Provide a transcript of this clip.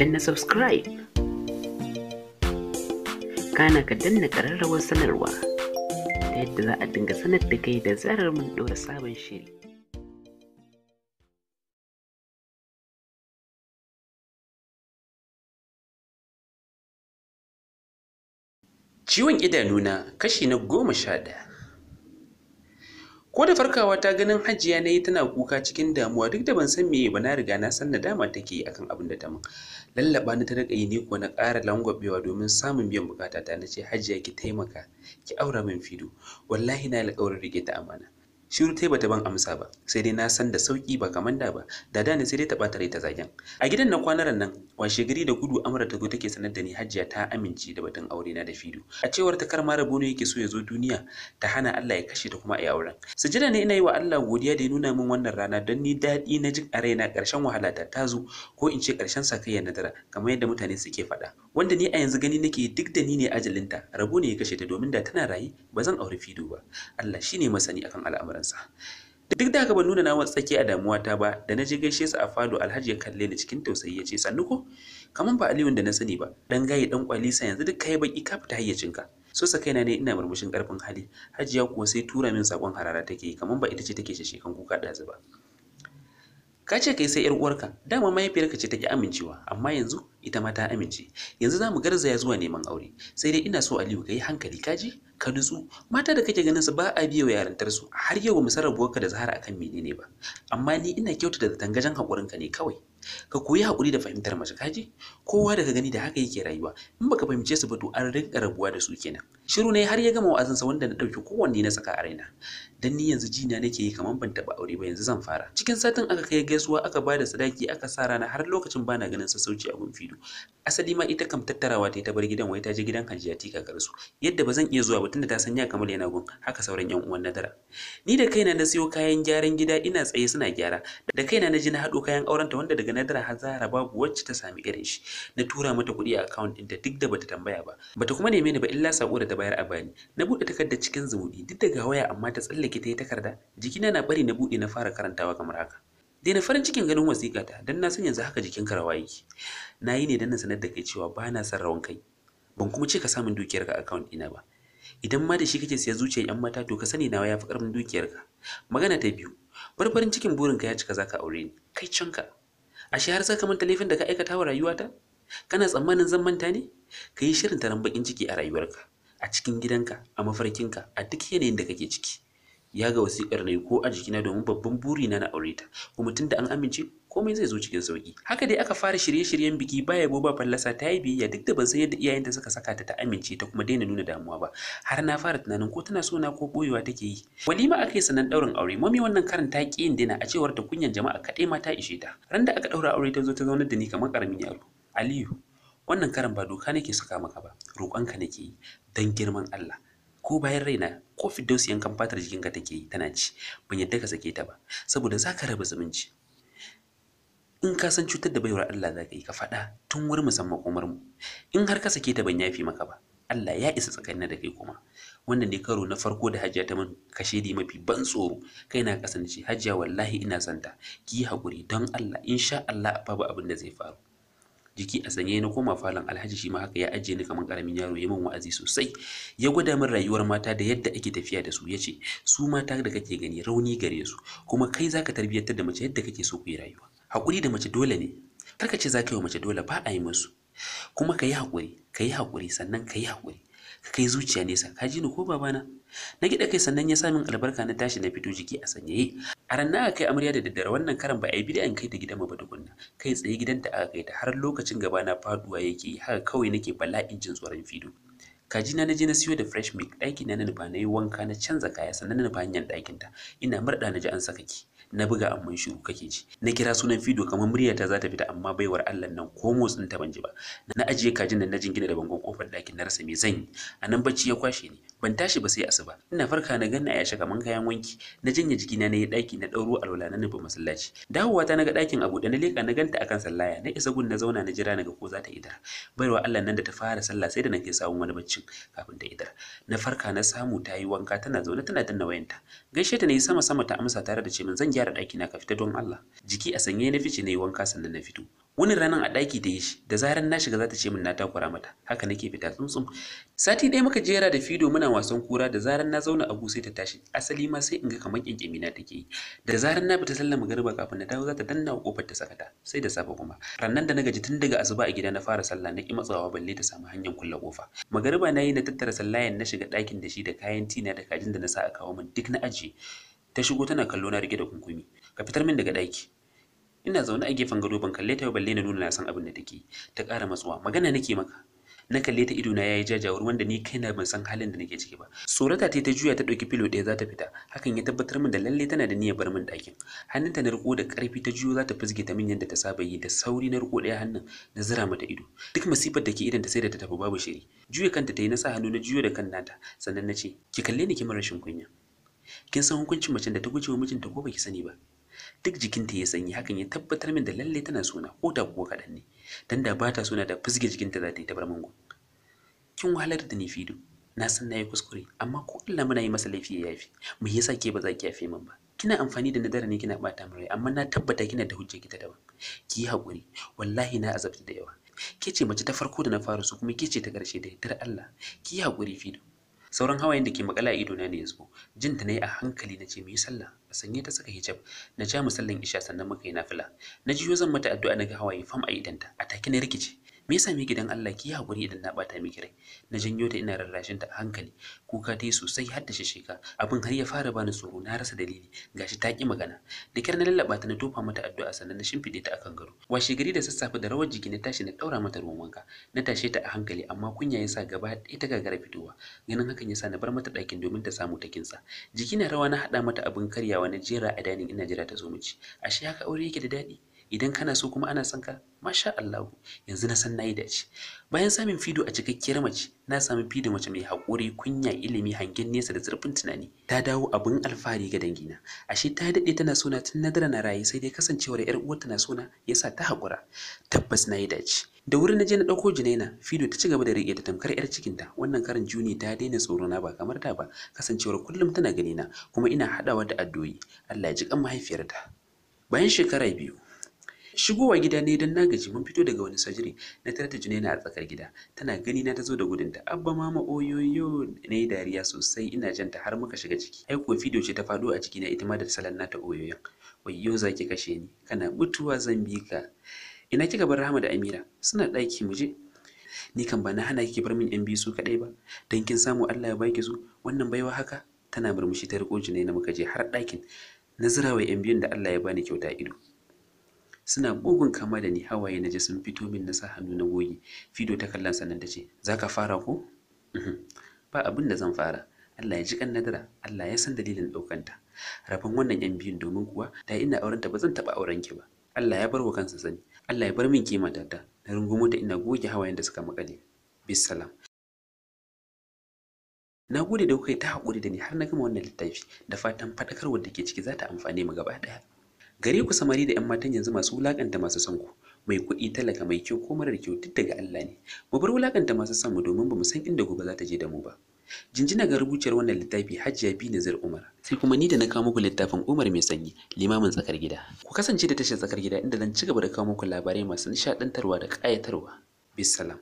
danna subscribe kana ka danna ƙararrawar sanarwa ta yadda za a dinga sanar da kai da zarar mun ɗora sabon shiri ciwon idanuna kashi na goma sha ɗaya ko da farkawa ta ganin hajiya na yi tana kuka cikin damuwa duk da ban san me ba na riga na san nadama take yi akan abin da ta min Lallaɓa ni ta rika yi ne ko na ƙara langwabewa domin samun biyan bukata na ce hajiya ki taimaka ki aura min fido wallahi na alƙawarin rike ta amana shiru tai bata ban amsa ba sai dai na san da sauki ba kaman da ba da da ne sai dai ta bata rai ta zagen a gidan na kwanaran nan washe gari da gudu amara ta take sanar da ni hajiya ta amince da batun aure na da fidu. a cewar ta karma rabo ne yake so ya zo duniya ta hana Allah ya kashe ta kuma a auren sujada ne ina yi wa Allah godiya da ya nuna min wannan rana don ni daɗi na ji a raina ƙarshen wahala ta tazo ko in ce ƙarshen sakayya nadara, kamar yadda mutane suke faɗa wanda ni a yanzu gani nake duk da ni ne ajalinta rabo ne ya kashe ta domin da tana ba zan aure fido ba Allah shine masani akan al'amuran kansa duk da haka ban nuna na tsaki a damuwa ta ba da na je gaishe su a fado alhaji ya kalle ni cikin tausayi ya ce sannu ko kaman ba aliyun da na sani ba dan gaye dan kwalisa yanzu duk kai baki ka fita hayyacinka so sa kaina ne ina murmushin karfin hali hajiya kuwa sai tura min sakon harara take kaman ba ita ce take kan kuka ɗazu ba ka ce ka yi sai yar uwarka dama mahaifiyarka ce ta ki amincewa amma yanzu ita ma ta amince yanzu za mu garzaya zuwa neman aure sai dai ina so Aliyu ka yi hankali kaji ka nutsu mata da kake ganin su ba a biyo yarantar su har yau ba mu sarrafa da Zahara akan menene ba amma ni ina kyautata da tangajen hakurinka ne kawai ka koyi haƙuri da fahimtar mace kaji kowa daga gani da haka yake rayuwa in baka fahimce su ba to an rinka rabuwa da su kenan shiru ne har ya gama wa'azinsa wanda na ɗauki kowanne na saka a raina dan ni yanzu jina nake yi kamar ban taba aure ba yanzu zan fara cikin satin aka kai gaisuwa aka bada sadaki aka sa rana har lokacin bana ganin sassauci a gun fido asali ma ita kam tattarawa ta ta bar gidan wai ta je gidan hajiya tika garsu yadda ba zan iya zuwa ba tunda ta sanya kamar yana gun haka sauran yan uwan na dara ni da kaina na siyo kayan gyaran gida ina tsaye suna gyara da kaina na ji na hado kayan ta wanda daga daga nadara har babu wacce ta sami irin shi na tura mata kuɗi a account ɗinta duk da bata tambaya ba bata kuma neme ni ba illa sako da ta bayar a bani na buɗe takarda cikin zumuɗi duk da ga waya amma ta tsallake ta yi takarda jikina na bari na buɗe na fara karantawa kamar haka dai na farin cikin ganin wasiƙa ta dan na san yanzu haka jikin rawaye. yake na yi ne dan na sanar da kai cewa ba na son rawan kai ban kuma ce ka samun dukiyar ka account ɗina ba idan ma da shi kake siya zuciyar yan mata to ka sani nawa yafi karfin dukiyar ka magana ta biyu farin cikin burinka ya cika zaka aure ni kai ka ashe har ka manta laifin da ka aikata wa rayuwata kana tsammanin zan manta ne ka yi shirin taron bakin ciki a rayuwarka a cikin gidanka a mafarkinka a duk yanayin da kake ciki ya ga wasikar na ko a jikina domin babban burina na aure ta kuma tunda an amince komai zai zo cikin sauki haka dai aka fara shirye-shiryen biki ba yabo ba fallasa ta yi biyayya duk da ban san yadda iyayenta suka saka ta ta amince ta kuma daina nuna damuwa ba har na fara tunanin ko tana sona ko boyewa take yi walima aka yi sanan daurin aure mami wannan karin ta ki yin dina a cewar ta kunyan jama'a kaɗai ma ta ishe ta ran da aka daura aure ta zo ta zaunar da ni kamar karamin yaro aliyu wannan karin ba doka nake saka maka ba roƙonka nake yi don girman Allah ko bayan raina ko fidausi yankan fatar jikinka take yi tana ci ban yadda ka sake ta ba saboda za raba zumunci in ka san cutar da baiwar Allah za ka yi ka faɗa tun wurin musamman komar mu in har ka sake ta ban yafi maka ba Allah ya isa tsakanin da kai kuma wannan ne karo na farko da hajiya ta mun kashe di mafi ban tsoro kai na kasance hajiya wallahi ina santa ki yi haƙuri don Allah insha Allah babu abin da zai faru jiki a sanye na koma falon alhaji shi ma haka ya ajiye ni kamar karamin yaro ya min wa'azi sosai ya gwada min rayuwar mata da yadda ake tafiya da su ya ce su mata da kake gani rauni gare su kuma kai zaka tarbiyyantar da mace yadda kake so ku yi rayuwa haƙuri da mace dole ne karka ce za ka yi wa mace dole ba a yi musu kuma ka yi haƙuri ka yi haƙuri sannan ka yi haƙuri ka kai zuciya nesa ka ji ni ko babana na gida kai sannan ya samin albarka na tashi na fito jiki a sanyaye a ran aka kai amarya da daddare wannan karan ba a yi bidiyan kai ta gidan mu ba tukunna kai tsaye gidan da aka kai ta har lokacin gaba na faduwa yake yi haka kawai nake bala'in jin tsoron fido kaji na je na siyo da fresh milk ɗaki na na nufa na yi wanka na canza kaya sannan na nufa hanyar ɗakin ta ina murɗa na ji an saka ki na buga amman shiru kake ji na kira sunan fido kamar murya za ta fita amma baiwar Allah nan ko motsin ta ban ji ba na ajiye kajin nan na jingina da bangon kofar ɗakin na rasa me zan yi a nan bacci ya kwashe ni ban tashi ba sai asuba ina farka na ganna ya kaman kayan wanki na janye jikina na yi daki na dauro alwala na nufi masallaci dawowa ta naga dakin abu da na leka na ganta akan sallaya na isa gun na zauna na jira naga ko za ta idar baiwa Allah nan da ta fara sallah sai da nake samu wani baccin kafin ta idar na farka na samu ta yi wanka tana zaune tana danna wayanta gaishe ta yi sama sama ta amsa tare da ce min zan gyara daki na ka fita don Allah jiki a sanye na fice na yi wanka sannan na fito wani ranar a ɗaki ta yi shi da zarar na shiga za ta ce min na takura mata haka nake fita tsuntsun. sati ɗaya muka jera da fido muna wasan kura da zarar na zauna abu sai ta tashi asali ma sai in ga kamar kyankyami na take yi da zarar na fita sallar magariba kafin na dawo za ta danna kofar ta sakata sai da safe kuma rannan da na gaji tun daga asuba a gida na fara sallah na ki matsawa balle ta samu hanyar kulle kofa magariba na yi na tattara sallayan na shiga ɗakin da shi da kayan tina da kajin da na sa a kawo min duk na ajiye ta shigo tana kallo na rike da kunkumi ka fitar min daga ɗaki ina zaune a gefen gado ban kalle ta ba balle na nuna na san abin da take ta ƙara matsuwa magana nake maka na kalle ta ido na yayi jajawar wanda ni kaina ban san halin da nake ciki ba surata ta ta juya ta ɗauki filo ɗaya za ta fita hakan ya tabbatar min da lalle tana da niyyar bar min ɗakin hannunta na riko da ƙarfi ta juyo za ta fizge ta min yadda ta saba yi da sauri na riko ɗaya hannun na zira mata ido duk masifar da ke idan ta sai da ta tafi babu shiri juya kanta ta yi na sa hannu na juyo da kan nata sannan na ce ki kalle ni kimar rashin kunya kin san hukuncin macen da ta guje wa mijinta ko baki sani ba duk jikinta ya sanyi hakan ya tabbatar min da lalle tana suna ko da kuwa kaɗan ne dan da ba ta suna da fusge jikinta za ta yi ta bar mango kin wahalar da ni fido na san na yi kuskure amma ko Allah muna yi masa laifi ya yafi me yasa ke ba za ki yafe min ba kina amfani da nadara ne kina bata min amma na tabbata kina da hujja kita daban ki yi hakuri wallahi na azabta da yawa ke ce mace ta farko da na fara su kuma ke ce ta ƙarshe da yardar Allah ki yi hakuri fido sauran hawayen da ke makala a idona ne ya zubo jin ta nayi a hankali na ce mu yi sallah a sanye ta saka hijab na ja mu sallan isha sannan muka yi nafila na yo zan mata addu'a na ga hawaye fam a idanta a take na rikice me yasa me gidan Allah ki hakuri idan na bata miki rai na janyo ta ina rarrashin ta a hankali kuka ta sosai har da shishika abin har ya fara bani tsoro na rasa dalili gashi ta ki magana da kyar na lallaba ta na tofa mata addu'a sannan na shimfide ta akan gado washe gari da sassafe da rawar jiki na tashi na daura mata ruwan wanka na tashe ta a hankali amma kunya ya sa gaba ɗaya ta gagara fitowa ganin hakan ya sa na bar mata ɗakin domin ta samu ta kinsa jiki na rawa na haɗa mata abin karyawa na jera a danin ina jira ta zo mu ci ashe haka aure yake da daɗi idan kana so kuma ana son ka masha Allah yanzu na san nayi dace bayan samun fido a cikakkiyar mace na samu fido mace mai hakuri kunya ilimi hangen nesa da zurfin tunani ta dawo abun alfahari ga dangina ashe ta daɗe tana sona tun nadara na raye sai dai kasancewar yar uwarta na sona yasa ta hakura tabbas nayi dace da wurin na je na ɗauko jinaina fido ta ci gaba da rike ta tamkar yar cikinta wannan karin juni ta daina tsoro na ba kamar ta ba kasancewar kullum tana na, kuma ina haɗawa da addu'o'i Allah ya ji kan mahaifiyarta bayan shekara biyu shigowa gida ne don na gaji mun fito daga wani sajiri na tarar da junaina a tsakar gida tana gani na ta zo da ta- abba mama oyoyo na yi dariya sosai ina jan ta har muka shiga ciki ai ko fido ce ta faɗo a ciki na ita ma da salon nata oyoyon wayyo zaki kashe ni kana mutuwa zan bi ka ina kika bar rahama da amira suna ɗaki mu je ni kan ba na hana kike bar min yan biyu su kaɗai ba dan kin samu Allah ya baki su wannan baiwa haka tana murmushi ta riko junaina muka je har ɗakin na zirawa yan biyun da Allah ya bani kyauta ido suna bugun kama da ni hawaye na ji sun fito min na sa hannu na goge fido ta kallon sannan ta ce za ka fara ko mhm. ba abin da zan fara Allah ya ji kan nadara Allah ya san dalilin ɗaukanta rabon wannan yan biyun domin kuwa da ina aurenta ba zan taɓa auren ki ba Allah ya bar wa kansa sani Allah ya bar min kima ta na rungumo ta ina goge hawayen da suka makale bisalam na gode da kai ta haƙuri da ni har na gama wannan littafi da fatan faɗakar da ke ciki za ta amfane mu gaba ɗaya gare ku samari da 'yan matan yanzu masu wulakanta masu son ku mai kuɗi talaka mai kyau ko marar kyau duk daga Allah ne mu bar wulakanta masu son mu domin bamu san inda gobe za ta je da mu ba jinjina ga rubuciyar wannan littafi Hajiya Bi nazar Umar sai kuma ni da na kawo muku littafin Umar mai sanyi limamin tsakar gida ku kasance da tashar tsakar gida inda zan ci gaba da kawo muku labarai masu nishadantarwa da ƙayatarwa bisalam